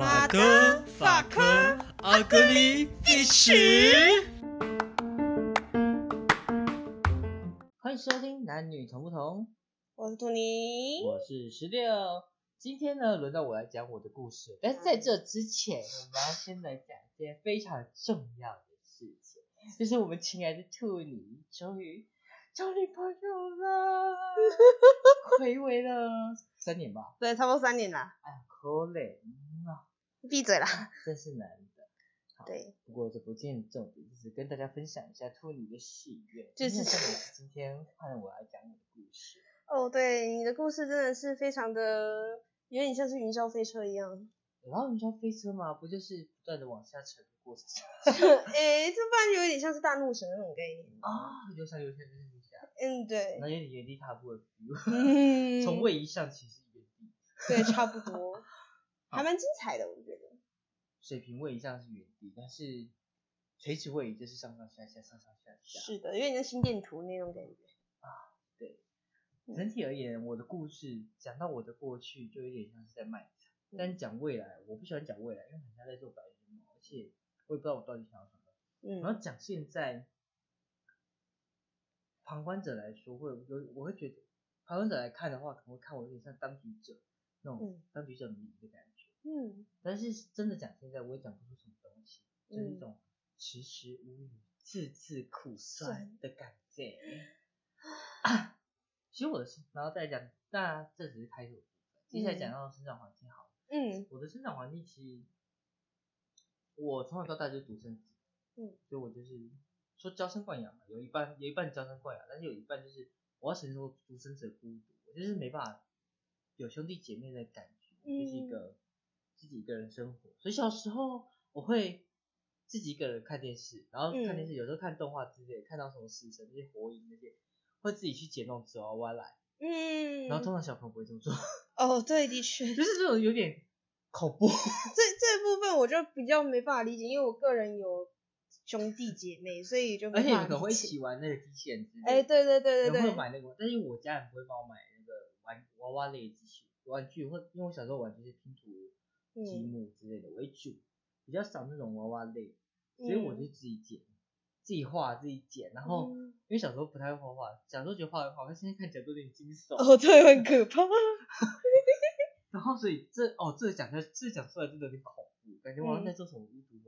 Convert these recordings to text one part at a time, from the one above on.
馬格、法克、阿格里、第十。歡迎收聽《男女同不同》，我是兔妮，我是十六。今天呢，輪到我來講我的故事。但是，在這之前，嗯、我們要先來講一件非常重要的事情，就是我們親愛的兔妮終於找女朋友了，哈， 哈，哈，回味了三年吧？對，差不多三年了。哎呀，可憐。你閉嘴啦。真是難的。好，對。不過這不見重點，就是跟大家分享一下兔妮的喜悅。就是像你是今天換我，我來講你的故事。哦，對，你的故事真的是非常的，有點像是雲霄飛車一樣。然後雲、啊、霄飛車嘛，不就是不斷的往下沉的過程、啊？哎、 欸，這不然就有點像是大怒神那種概念。嗯、啊，留像留下留下。嗯，對。那有點原地踏步了。嗯。從位移上其實對，差不多。 還蠻精彩的，我覺得。水平位移像是原地，但是垂直位移就是上上下下上上下下。是的，有點像心電圖那種感覺。啊，對。整體而言，嗯、我的故事講到我的過去，就有點像是在賣慘；嗯、但講未來，我不喜歡講未來，因為很像在做白日夢嘛，而且我也不知道我到底想要什麼。嗯。然後講現在，旁觀者來說，會有，我會覺得旁觀者來看的話，可能會看我有點像當局者。那種、嗯、比較迷的感覺，嗯，但是真的講現在我也講不出什麼東西，嗯、就是一種遲遲無語、字字苦酸的感覺。嗯啊、其實我的，然後再講，那這只是開頭，接下來講到生長環境。好、嗯，嗯，我的生長環境其實我從小到大就是獨生子，嗯，所以我就是說嬌生慣養嘛，有一半有一半嬌生慣養，但是有一半就是我要承受獨生子的孤獨，嗯、我就是沒辦法。有兄弟姐妹的感覺，就是一個自己一個人生活。嗯、所以小時候我會自己一個人看電視，然後看電視、嗯、有時候看動畫之類，看到什麼死神、那些火影那些，會自己去撿那種紙娃娃來。嗯。然後通常小朋友不會這麼做。哦，對，的確。就是這種有點恐怖。這這部分我就比較沒辦法理解，因為我個人有兄弟姐妹，所以就而且可能喜歡。會玩那個機器人之類。哎、欸，對對對對對，對。會買那個，但是我家人不會幫我買。娃娃類這些玩具，或因為我小時候玩這些拼圖積木之類的，我也就比較少那種娃娃類，所以我就自己剪、嗯、自己畫、自己剪。然後、嗯、因為小時候不太會畫畫，小時候覺得畫很好看，現在看起來都有點驚悚。哦，真的很可怕。 然後所以這哦，這講、個、這講、個、出來真的有點恐怖，嗯、感覺我在做什麼巫術。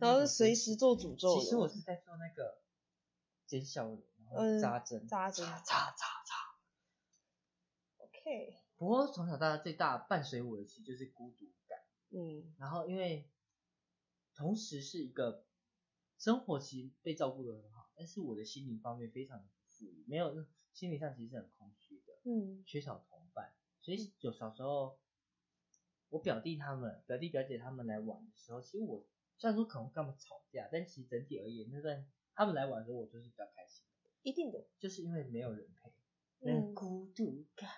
然後隨時做詛咒。其實我是在做那個剪小人，然後扎針、扎針、嗯、扎扎。叉叉 Okay. 不過從小到大，最大伴隨我的其實就是孤獨感。嗯，然後因為同時是一個生活其實被照顧得很好，但是我的心靈方面非常的不富裕，沒有，心理上其實是很空虛的。嗯，缺少同伴，所以就小時候我表弟他們、表弟表姐他們來玩的時候，其實我雖然說可能跟他們吵架，但其實整體而言那段他們來玩的時候，我就是比較開心的。一定的，就是因為沒有人陪，嗯，嗯孤獨感。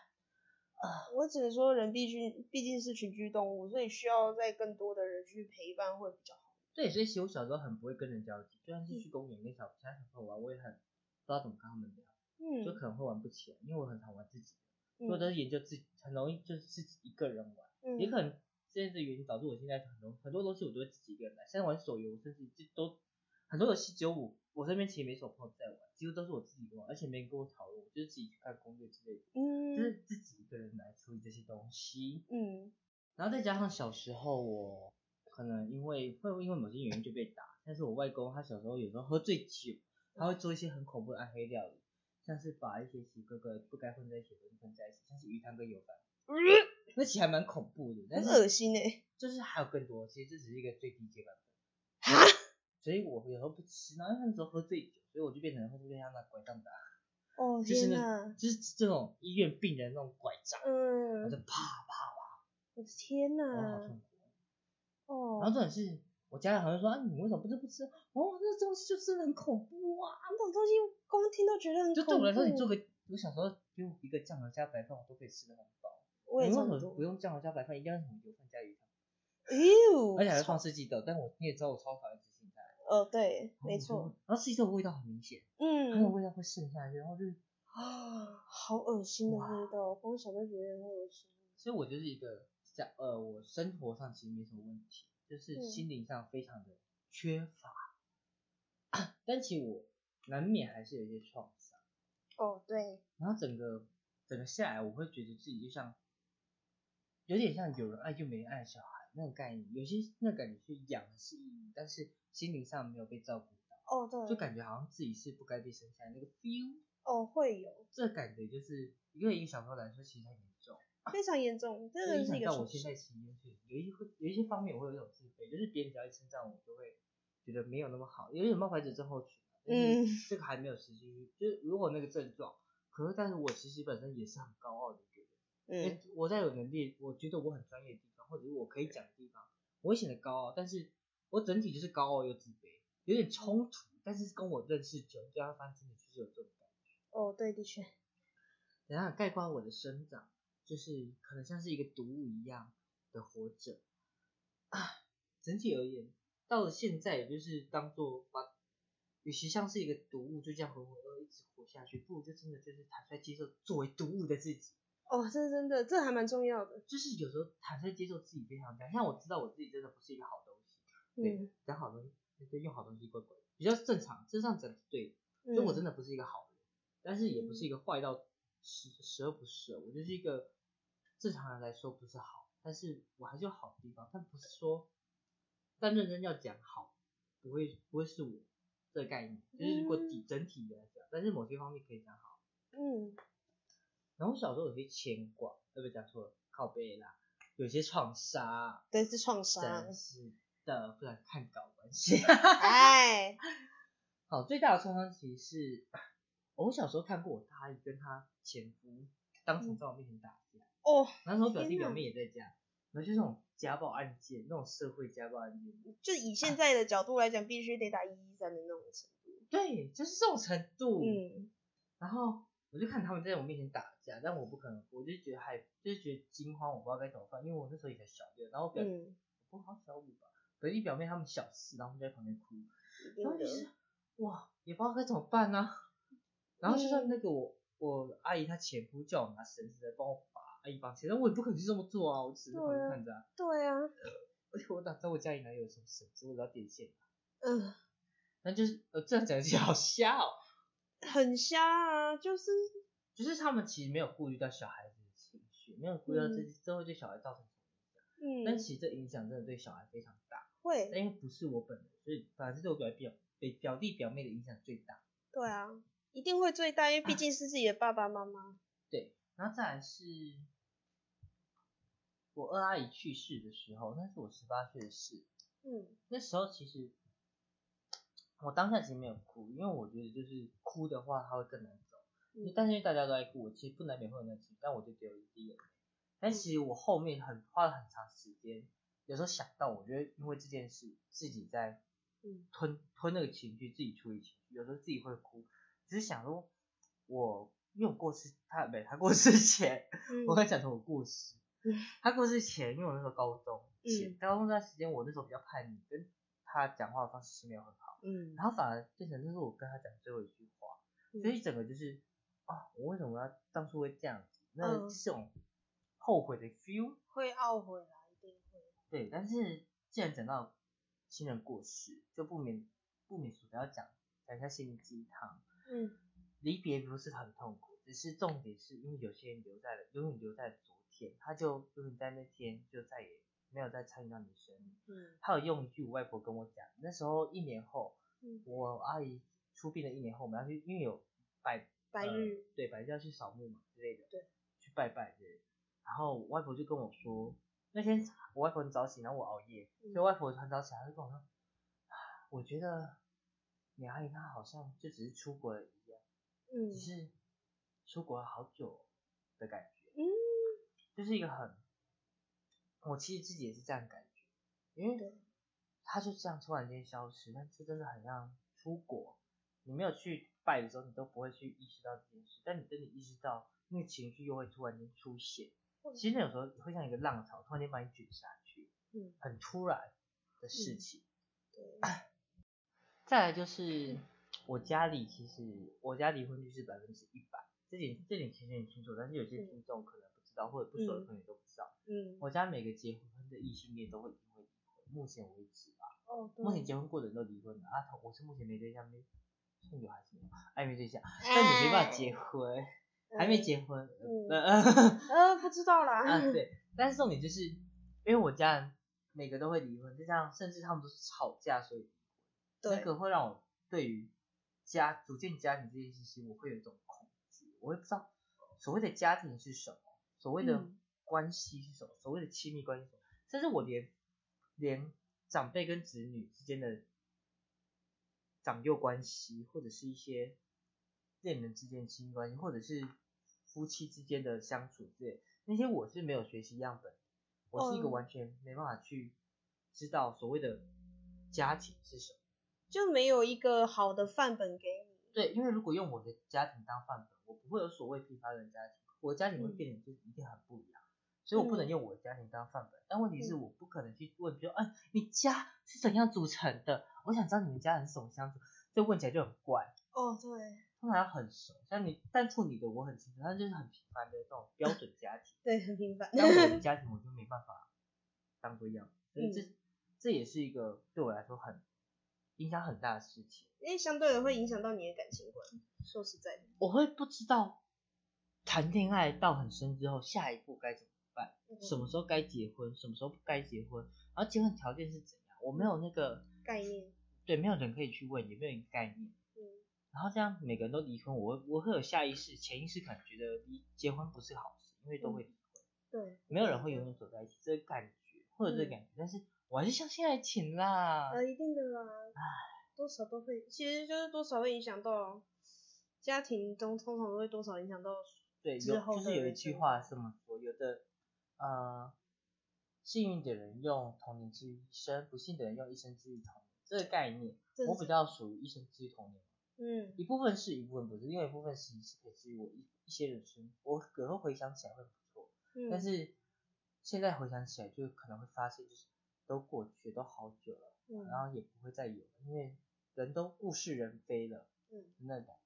Uh, 我只能說，人必須畢竟是群居動物，所以需要在更多的人去陪伴會比較好。對，所以其實我小時候很不會跟人交際，就算是去公園跟小其他小朋友玩，嗯、我也很不知道怎麼跟他們聊，嗯，就可能會玩不起來，因為我很常玩自己，嗯、我都是研究自己，很容易就是自己一個人玩，嗯、也可能現在的原因導致我現在很多很多東西我都是自己一個人來，現在玩手遊甚至都。很多的 C 9 5，我身邊其實沒什麼朋友在玩，幾乎都是我自己玩，而且沒人跟我討論，我就、嗯、就是自己去看攻略之類的，嗯，就是自己一個人來處理這些東西，嗯，然後再加上小時候我可能因為會因為某些原因就被打，但是我外公他小時候有時候喝醉酒，他會做一些很恐怖的暗黑料理，像是把一些幾個個不該混在一起的混在一起，像是魚湯跟油飯，嗯、那其實還蠻恐怖的，但是惡心的、欸，就是還有更多，其實這只是一個最低階版本。所以，我有時候不吃，然後那時候喝醉酒，所以我就變成會不會像那拐杖打？哦、oh，天哪！就是這種醫院病人那種拐杖，我、嗯、就啪啪啪。我的、oh, 天哪！我好痛苦。哦。Oh. 然後這種事，我家裡好像說，啊，你為什麼不吃不吃？哦、oh，那東西就是很恐怖哇、啊！那種東西光聽都覺得很恐怖。就對我來說，你做個，我小時候就一個醬油加白飯，我都可以吃的很飽。我有時候說。不用醬油加白飯，一定要用油飯加魚湯。哎呦！而且還是放四季豆，超但我你也知道，我超煩。呃、嗯，對，嗯、沒錯錯，然後吃一這味道很明顯，嗯，它的味道會滲下去，然後就啊，好噁心的味道，從哇小就覺得很噁心。所以，我就是一個在呃，我生活上其實沒什麼問題，就是心靈上非常的缺乏，嗯、但其實我難免還是有一些創傷。哦，對。然後整個整個下來，我會覺得自己就像有點像有人愛就沒愛小孩。那個概念，有些那個感覺是養是硬，嗯、但是心靈上沒有被照顧到。哦，對。就感覺好像自己是不該被生下來那個 feel。哦，會有。這感覺就是，對一個小孩來說，其實很嚴重。非常嚴重。這個影響到我現在情緒，有一、嗯、有一些方面，我會有那種自卑，就是別人只要一稱讚我，就會覺得沒有那麼好。因為有冒牌者症候群，嗯、啊。這個還沒有實際，就是如果那個症狀，可是但是我其實本身也是很高傲的一個人。我嗯。我在有能力，我覺得我很專業的。或者我可以講的地方，我會顯得高傲，但是我整體就是高傲又自卑，有點衝突。但是跟我認識久，對他反而整體確是有這種感覺。哦，對，的確。然後概括我的生長，就是可能像是一個毒物一樣的活着，啊。整體而言，到了現在，也就是當做把，與其像是一個毒物就這樣渾渾噩噩一直活下去，不如就真的就是坦率接受作為毒物的自己。哦，真的真的，這還蠻重要的。就是有時候坦率接受自己非常難，像我知道我自己真的不是一個好東西，嗯、對，講好東西，對用好東西做鬼，比較正常。事實上講，對，所以、嗯、我真的不是一個好人，但是也不是一個壞到十、嗯、十惡不赦，我就是一個正常人來說不是好，但是我還是有好的地方，但不是說，但認真要講好，不會不會是我的概念，就是如果整體來講，嗯、但是某些方面可以講好，嗯。然後我小時候有些牽掛，對不對？別講錯了，靠北啦，有些創傷，對，是創傷，真是的，不然太搞關係。 哎，好，最大的創傷其實是，我小時候看過他跟他前夫，當時在我面前打架。哦、嗯，那時候表弟表妹也在家，啊、然後就那種家暴案件，那種社會家暴案件，就以現在的角度來講，啊、必須得打113的那種程度。對，就是這種程度。嗯，然後我就看他們在我面前打。假，但我不可能，我就覺得，還，就覺得驚慌，我不知道該怎麼辦，因為我那時候也才小六，然後我表，嗯、我不好小五吧，隔壁表妹他們小四，然後就在旁邊哭，嗯、然後就是，嗯、哇，也不知道該怎麼辦呢、啊，然後就像那個我、嗯、我，我阿姨她前夫叫我拿繩子來幫我綁阿姨幫牽，但我也不可能去這麼做啊，我只能旁邊看着、啊啊，對啊，而且、哎、我哪知道我家裡哪有什麼繩子，我知要電線、啊，嗯、呃，那就是，呃，這樣講就實好瞎、喔，很瞎啊，就是。就是他們其實沒有顧慮到小孩子的情緒，沒有顧慮到這這會、嗯、對小孩造成什麼影響。嗯。但其實這影響真的對小孩非常大，會。但因為不是我本人，所以反正是對我表弟、表表弟表妹的影響最大。對啊，一定會最大，因為畢竟是自己的爸爸媽媽。啊、對，然後再來是我二阿姨去世的時候，那是我十八歲的事。嗯。那時候其實我當下其實沒有哭，因為我覺得就是哭的話，他會更難。嗯、但是因為大家都在哭，其實不難免會有那情緒，但我就只有一滴眼淚。但其實我後面很花了很長時間，有時候想到，我覺得因為這件事自己在吞吞那個情緒，自己處理情緒，有時候自己會哭，只是想說我因為我過世他沒他過世前，嗯、我剛講成我過世，他過世前因為我那時候高中，前嗯，高中那段時間我那時候比較叛逆，跟他講話的方式是沒有很好，嗯，然後反而變成這是我跟他講最後一句話，所以整個就是。哦、我為什麼要當初會這樣子？那這種後悔的 feel、嗯、會懊悔啦，一定會，對，但是既然講到親人過世，就不免不免說要講講一下心靈雞湯。嗯，離別不是很痛苦，只是重點是因為有些人留在了，永遠留在昨天，他就永遠在那天，就再也沒有再參與到你生命。嗯，他有用一句我外婆跟我講，那時候一年後，嗯、我阿姨出殯的一年後，我們要去，因為有百。白日、呃、對白日要去掃墓嘛之類的，對，去拜拜之類的。然後外婆就跟我說，那天我外婆很早起，然後我熬夜，嗯、所以外婆很早起來就跟我說，我覺得你阿姨她好像就只是出國了一樣，嗯，只是出國了好久的感覺，嗯，就是一個很，我其實自己也是這樣的感覺，因為她就這樣突然間消失，但是真的很像出國，你沒有去敗的時候，你都不會去意識到這件事，但你真的意識到，那個情緒又會突然間出現。其實那有時候會像一個浪潮，突然間把你捲下去，嗯、很突然的事情。對。再來就是我家裡，其實、嗯、我家離婚率是百分之一百，這點這點其實很清楚，但是有些聽眾可能不知道，嗯、或者不熟的朋友都不知道。嗯。嗯，我家每個結婚的異性戀都會離婚，目前為止吧。哦。目前結婚過的都離婚了啊！我是目前沒對象沒。是女曖昧對象，但你沒辦法結婚，欸、還沒結婚，嗯嗯嗯，他知道啦。嗯，對，但是重點就是，因為我家人每個都會離婚，就像甚至他們都是吵架，所以這個會讓我對於家，組建家庭這件事情，我會有一種恐懼，我也不知道所謂的家庭是什麼，所謂的關係是什麼，嗯、所謂的親密關係，甚至我連連長輩跟子女之間的。長幼關係，或者是一些戀人之間親密關係，或者是夫妻之間的相處之類的，那些我是沒有學習樣本，我是一個完全沒辦法去知道所謂的家庭是什麼，就沒有一個好的範本給你。對，因為如果用我的家庭當範本，我不會有所謂平凡的家庭，我的家庭會變得就一定很不一樣。嗯所以，我不能用我的家庭當範本，嗯、但問題是，我不可能去問，說，哎、嗯啊，你家是怎樣組成的？我想知道你們家人是怎麼相處，這問起來就很怪。哦，對。他們好像很熟，像你，但處女的我很清楚，他就是很平凡的這種標準家庭。 對，很平凡。然後我的家庭，我就沒辦法當不一樣。嗯。所以這這也是一個對我來說很影響很大的事情，因為相對的會影響到你的感情觀。說實在的，我會不知道談戀愛到很深之後，下一步該怎麼。什麼時候該結婚，什麼時候不該結婚，然後結婚條件是怎樣？我沒有那個概念。對，沒有人可以去問，也沒有一個概念。嗯。然後這樣每個人都離婚，我會我會有下意識、潛意識可能覺得離，結婚不是好事，因為都會離婚、嗯。對。沒有人會永遠走在一起，對這個感覺，會有這個感覺。嗯、但是我還是相信愛情啦。啊、呃，一定的啦、啊。哎唉，多少都會，其實就是多少會影響到家庭中，通常會多少影響到後。對，有就是有一句話這麼說，有的。嗯，幸運的人用童年治癒一生，不幸的人用一生治癒童年。這個概念，是我比較屬於一生治癒童年。嗯，一部分是一部分不是，另外一部分是你是可以治癒我一一些人生。我可能回想起來會不錯，嗯、但是現在回想起來就可能會發現，就是都過去，都好久了，嗯、然後也不會再有，因為人都物是人非了。嗯，那種，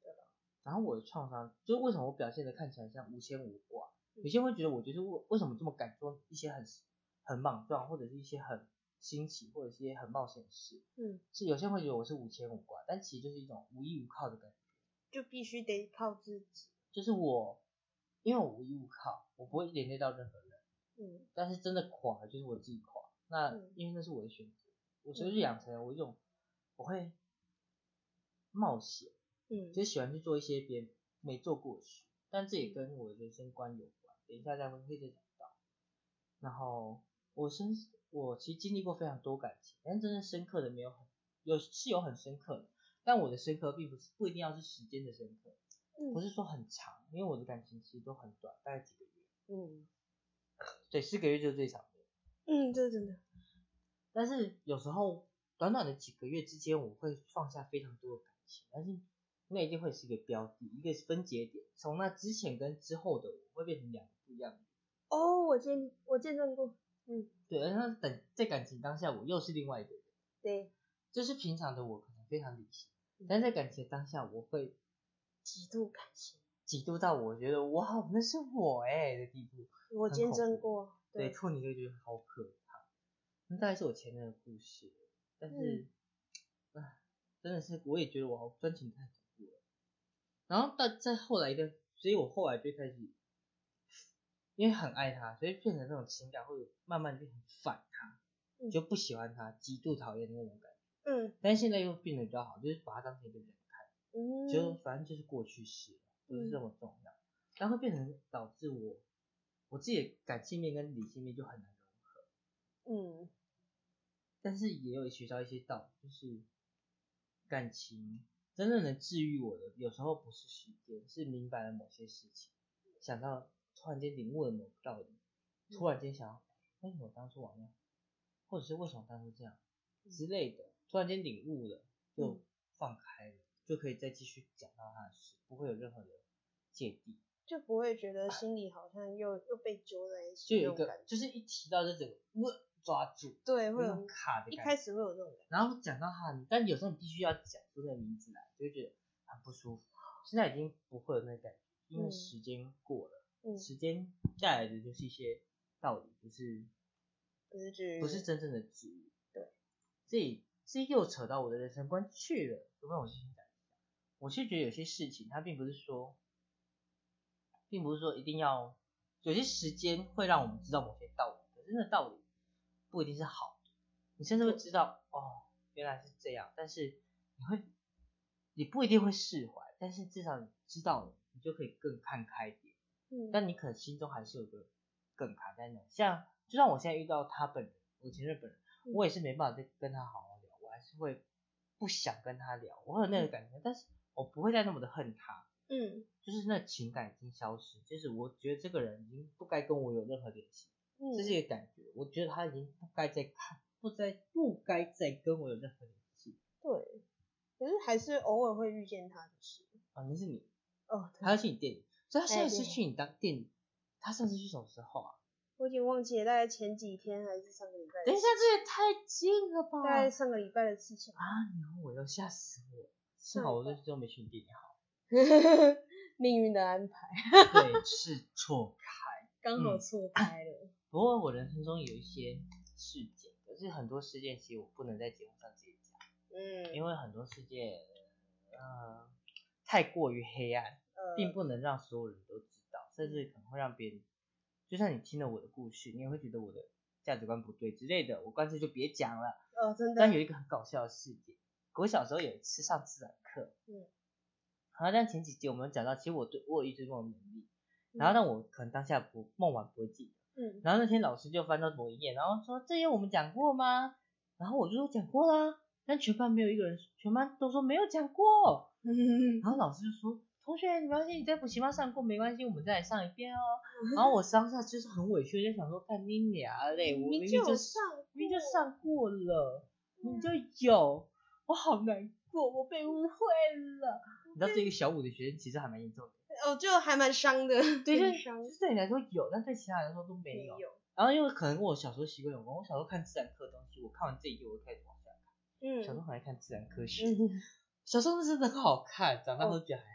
對吧？然後我的創傷，就是為什麼我表現得看起來像無牽無掛？有些會覺得我就是為為什麼這麼敢做一些很很莽撞，或者是一些很新奇，或者一些很冒險的事，嗯，是有些會覺得我是無牽無掛，但其實就是一種無依無靠的感覺，就必須得靠自己。就是我，因為我無依無靠，我不會連累到任何人，嗯，但是真的垮了就是我自己垮，那因為那是我的選擇，我所以養成了我一種我會冒險，嗯，就喜歡去做一些別人沒做過去，但這也跟我的人生觀有關。等一下再會再講到，然後我深，我其實經歷過非常多感情，但真正深刻的沒有很，有是有很深刻的，但我的深刻並不是不一定要是時間的深刻，不是說很長，因為我的感情其實都很短，大概幾個月，嗯、對，四個月就是最長的，嗯，對，真的，但是有時候短短的幾個月之間，我會放下非常多的感情，但是那一定會是一個標的，一個分節點，從那之前跟之後的我會變成兩。哦，oh, 我見我見證過，嗯，對，而等在感情當下，我又是另外一個人，對，就是平常的我可能非常理性，嗯、但在感情當下我會極度感性，極度到我覺得哇，那是我哎、欸、的地步，我見證過，對，兔妮就覺得好可怕，那大概是我前任的故事，但是，嗯、唉，真的是我也覺得我好專情太恐怖了，然後到再後來的所以我後來就開始。因為很愛他，所以變成那種情感會慢慢就很反他，就不喜歡他，嗯、極度討厭那種感覺。嗯，但是現在又變得比較好，就是把他當成一個人看，嗯，就反正就是過去式，不、就是這麼重要。但會、嗯、變成導致我，我自己的感性面跟理性面就很難融合。嗯，但是也有學到一些道理，就是感情真正能治癒我的，有時候不是時間，是明白了某些事情，想到。突然間領悟了某個道理，突然間想要，為什麼當初玩的，或者是為什麼當初這樣之類的，突然間領悟了，就放開了，嗯、就可以再繼續講到他的事，不會有任何的芥蒂，就不會覺得心裡好像又、啊、又被揪在一起，就有一個就是一提到就整個問，抓住，對，會有卡的感覺，一開始會有這種感覺，然後講到他，但有時候你必須要講出那名字來，就會覺得很不舒服，現在已經不會有那感覺，因為時間過了。嗯嗯，時間帶來的就是一些道理，不是不是真正的知。對，這這又扯到我的人生觀去了，有沒有心我是覺得有些事情，它並不是說，並不是說一定要。有些時間會讓我們知道某些道理，可是那道理不一定是好的。你甚至會知道，哦，原來是這樣。但是你會你不一定會釋懷，但是至少你知道了，你就可以更看開一點。嗯、但你可能心中還是有個梗卡在那，像就像我現在遇到他本人，以前日本人，我也是沒辦法再跟他好好聊，我還是會不想跟他聊，我有那個感覺，嗯、但是我不會再那麼的恨他，嗯，就是那情感已經消失，就是我覺得這個人已經不該跟我有任何聯繫，嗯，這是一個感覺，我覺得他已經不該再看，不再不該再跟我有任何聯繫，對，可是還是偶爾會遇見他的事啊，你是你，哦，他去你店裡。他上次去你當店，哎、他上次去什麼時候啊？我已經忘記了，大概前幾天還是上個禮拜的事情。等一下，這也太近了吧？大概上個禮拜的事情啊！你、no, 問我要嚇死我，幸好我那次都沒去你店。哈哈哈， 命運的安排。 對，是錯開， 剛好錯開了。嗯啊、不過我人生中有一些事件，可是很多事件其實我不能在節目上直接講。嗯。因為很多事件，嗯、呃，太過於黑暗。嗯，並不能讓所有人都知道，甚至可能會讓別人，就像你聽了我的故事，你也會覺得我的價值觀不對之類的。我乾脆就別講了。哦，真的。但有一個很搞笑的事件，我小時候有一次上自然課，嗯，好像前幾集我們講到，其實我對沃伊追蹤能力，嗯、然後但我可能當下不，夢完不會記得。嗯。然後那天老師就翻到某一頁，然後說：“嗯、這頁我們講過嗎？”然後我就說：“講過啦。”但全班沒有一個人，全班都說沒有講過。嗯。然後老師就說。同學，你放心，你在補習班上過沒關係，我們再來上一遍哦。然後我當下就是很委屈，就想說，看你倆嘞，我明明就上，明明就上過了，你就有，我好難過，我被誤會了。你知道這個小五的學生其實還蠻嚴重的，哦，就還蠻傷的，對，就是對你來說有，但對其他人來說都沒有。然後因為可能跟我小時候習慣有關，我小時候看自然科的東西，我看完這一頁，我開始往下看。嗯，小時候很愛看自然科學，小時候是真的很好看，長大都覺得還。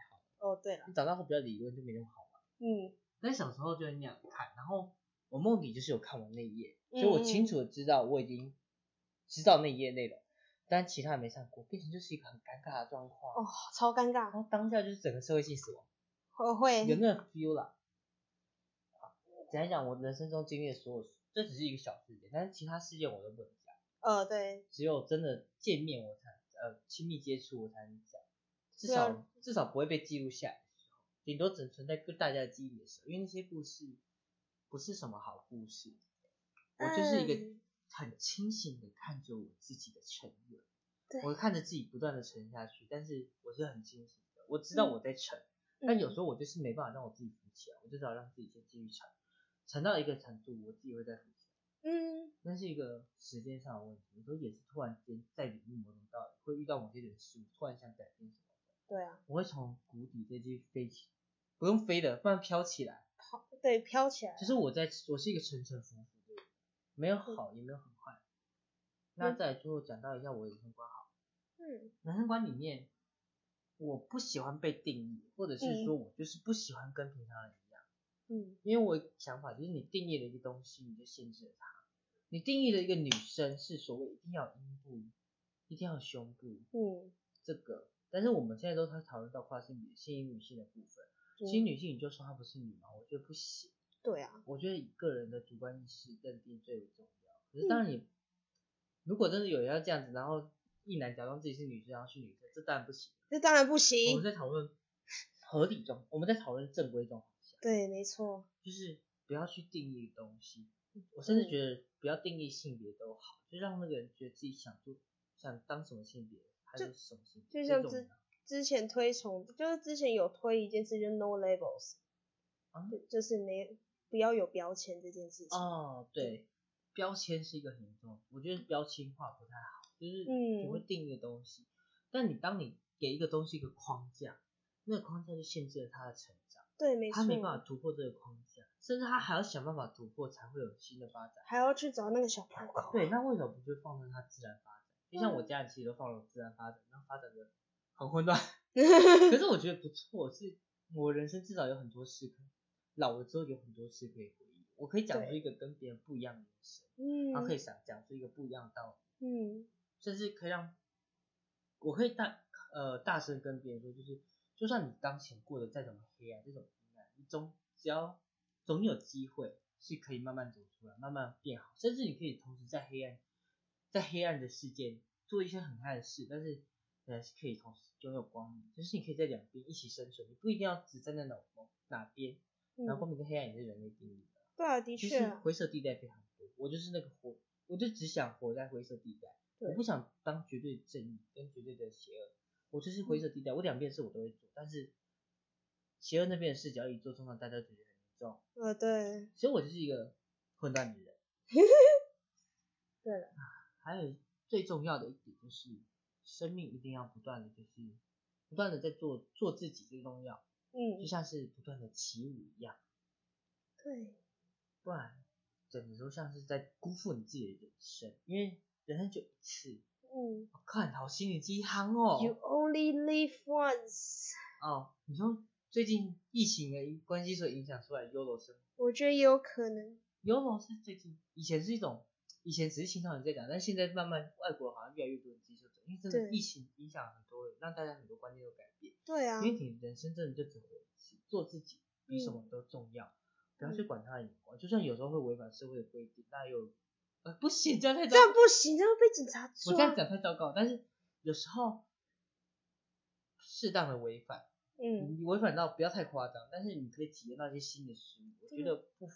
哦，oh, 對了，你長大後比較理論就沒那麼好嘛。嗯，但小時候就是那樣看，然後我夢裡就是有看完那一頁，所以、嗯、我清楚的知道我已經知道那一頁內容，但其他還沒上過，變成就是一個很尷尬的狀況。哦，oh, 超尷尬。然後當下就是整個社會性死亡。我、oh, 會。有那有 feel 了、啊。講一講我人生中經歷的所有，事，這只是一個小事件，但是其他事件我都不能講。呃，oh, 對。只有真的見面我才，呃，親密接觸我才能講。至少至少不會被記錄下來，頂多只存在大家的記憶的時候。因為那些故事不是什麼好故事。嗯、我就是一個很清醒的看着我自己的沉淪，對我看着自己不斷的沉下去，但是我是很清醒的，我知道我在沉，嗯、但有時候我就是沒辦法讓我自己浮起來，我就只好讓自己先繼續沉，沉到一個程度，我自己會再浮起來。嗯，那是一個時間上的問題。有時候也是突然間在領悟某種道理，會遇到某些人事物，突然想改變什麼。對啊，我會從谷底再去飛起，不用飛的，不然飄起來。對，飄起來。其實我在，我是一個沉沉浮浮的人，沒有好，也沒有很壞。嗯，那再來最後講到一下我的人生觀好。嗯。人生觀裡面我不喜歡被定義，或者是說我就是不喜歡跟平常人一樣。嗯。嗯，因為我的想法就是你定義的一個東西，你就限制了它。你定義的一個女生是所謂一定要陰部，一定要胸部。嗯。這個。但是我們現在都在討論到跨性別、性女女性的部分，性、嗯、女性你就說她不是女嗎？我覺得不行。對啊。我覺得以個人的主觀意識認定最為重要。可是當你、嗯、如果真的有人要這樣子，然後一男假裝自己是女生，然後去女廁，這當然不行。這當然不行。我們在討論合理中，我們在討論正規中。對，沒錯。就是不要去定義東西，我甚至覺得不要定義性別都好，就讓那個人覺得自己想做、想當什麼性別。就就像之之前推崇，就是之前有推一件事，就是、no labels，、嗯、就，就是沒不要有標籤這件事情。哦，對，標籤是一個很重要，我覺得標籤化不太好，就是你會定一個東西，嗯、但你當你給一個東西一個框架，那個框架就限制了它的成長。對，沒錯。他沒辦法突破這個框架，甚至他還要想辦法突破，才會有新的發展。還要去找那個小出口。對，那為什麼不就放任它自然發展？就像我家裡其實都放了自然發展，然後發展的很混亂， 可是我覺得不錯，是我人生至少有很多事，老了之後有很多事可以回憶，我可以講出一個跟別人不一樣的人生，嗯對，然後可以想講出一個不一樣的道理，嗯，甚至可以讓，我可以大呃大聲跟別人說，就是就算你當前過得再怎麼黑暗，這種黑暗，你總只要總有機會是可以慢慢走出來，慢慢變好，甚至你可以同時在黑暗。在黑暗的世界做一些很暗的事，但是呃，可以同時擁有光明，就是你可以在兩邊一起生存，你不一定要只站在哪、嗯、哪邊。然後光明跟黑暗也是人類定義的，嗯、對、啊，的確、啊，灰色地帶非常多。我就是那個活，我就只想活在灰色地帶，對我不想當絕對正義跟絕對的邪惡。我就是灰色地帶，嗯、我兩邊事我都會做，但是邪惡那邊的事只要一做，通常大家就覺得很重。呃、哦，對。所以我就是一個混亂的人。 對了。還有最重要的一點，就是生命一定要不斷的，就是不斷的在做做自己最重要。嗯，就像是不斷的起舞一樣。對。不然，整個都像是在辜負你自己的人生，因為人生就一次。嗯、哦。看，好心理雞湯哦。You only live once。哦，你說最近疫情的關係所影響出來的 YOLO 我覺得有可能。YOLO 是最近以前是一種。以前只是聽到你在講，但現在慢慢外國好像越來越多人接受，因為真的疫情影響很多人，對讓大家很多觀念都改變。對啊，因為你人生真的就只做自己比什麼都重要，不、嗯、要去管他的眼光。嗯、就算有時候會違反社會的規矩，嗯、那又呃、啊、不行，這樣太糟糕，這樣不行，這樣被警察抓。我這樣講太糟糕，但是有時候適當的違反，嗯，你違反到不要太誇張，但是你可以體驗到一些新的事物，我、嗯、覺得不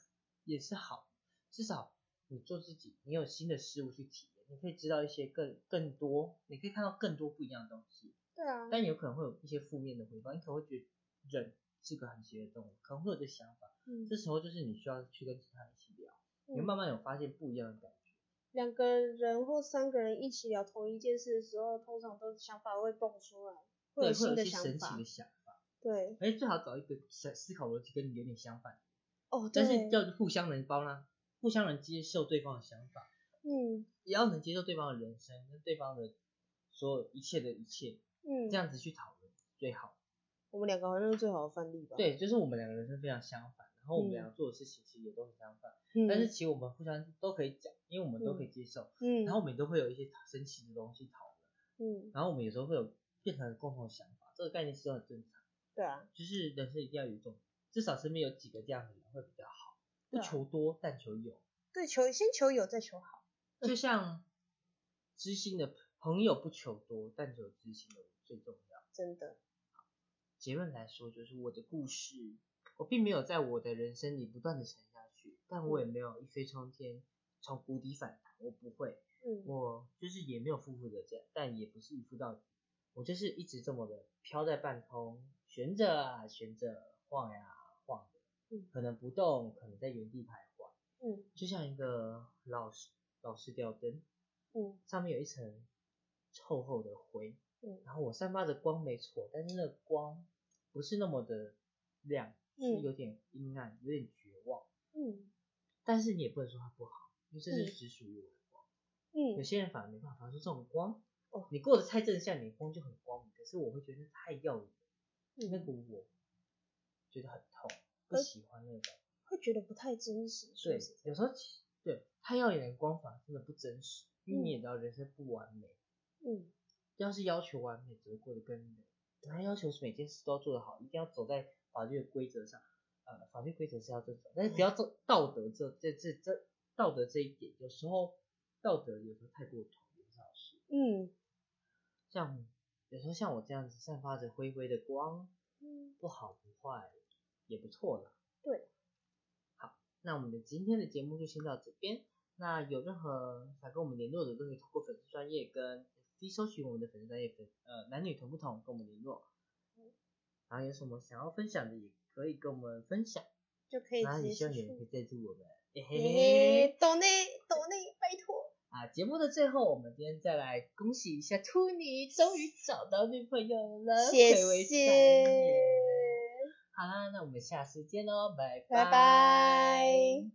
也是好，至少。你做自己，你有新的事物去體驗，你可以知道一些更更多，你可以看到更多不一樣的東西。對啊。但有可能會有一些負面的回報，你可能會覺得人是個很邪惡的動物，可能會有這想法。嗯。這時候就是你需要去跟其他人一起聊，嗯、你慢慢有發現不一樣的感覺。兩、嗯、個人或三個人一起聊同一件事的時候，通常都想法會蹦出來，會有一些神奇的想法。對。哎、欸，最好找一個思思考邏輯跟你有點相反。哦。對但是叫互相能包呢。互相能接受對方的想法，嗯，也要能接受對方的人生跟對方的所有一切的一切，嗯，這樣子去討論最好。我們兩個好像是最好的範例吧？對，就是我們兩個人生非常相反，然後我們兩個做的事情其實也都很相反，嗯，但是其實我們互相都可以講，因為我們都可以接受，嗯，然後我們都會有一些神奇的東西討論，嗯，然後我們有時候會有變成了共同的想法，這個概念其實很正常，對啊，就是人生一定要有一種，至少身邊有幾個這樣的人會比較好。對不求多，但求有。對，求先求有，再求好。就像知心的朋友，不求多，但求知心的我最重要。真的。結論來說，就是我的故事，我並沒有在我的人生裡不斷的沉下去，但我也沒有一飛衝天，嗯、從谷底反彈。我不會，嗯、我就是也沒有負負的家，但也不是一負到底。我就是一直這麼的飄在半空，懸着啊，懸着晃，啊，晃呀。嗯，可能不動，可能在原地徘徊，嗯，就像一個老式老式吊燈，嗯，上面有一層厚厚的灰，嗯，然後我散發着光，沒錯，但是那個光不是那麼的亮，嗯、是有點陰暗，有點絕望，嗯，但是你也不能說它不好，因為這是只屬於我的光，嗯，有些人反而沒辦法，說這種光，哦、你過得太正向，你的光就很光明，可是我會覺得太耀眼，嗯、那個我覺得很痛。不喜歡那種，會覺得不太真實。所以對有時候，對太耀眼的光法真的不真實，因為你也知道、嗯、人生不完美。嗯，要是要求完美，只會過得更……美。他要求是每件事都要做得好，一定要走在法律的規則上。呃、嗯，法律規則是要這種，但是不要做道德這這這這道德這一點，有時候道德有時候太過有時候是。嗯，像有時候像我這樣子，散發着灰灰的光，嗯，不好不壞。也不錯了。對，好，那我們的今天的節目就先到這邊。那有任何想跟我們聯絡的，都可以通過粉絲專頁跟粉收取我們的粉絲專頁粉業，呃，男女同不同跟我們聯絡。嗯、然後有什麼想要分享的，也可以跟我們分享，就可以。那也希望你們可以再助我們。欸、嘿嘿，抖內抖內，拜托。啊，節目的最後，我們今天再來恭喜一下兔妮，終於找到女朋友了，謝謝。好啦，啊，那我們下次見嘍，拜拜。拜拜。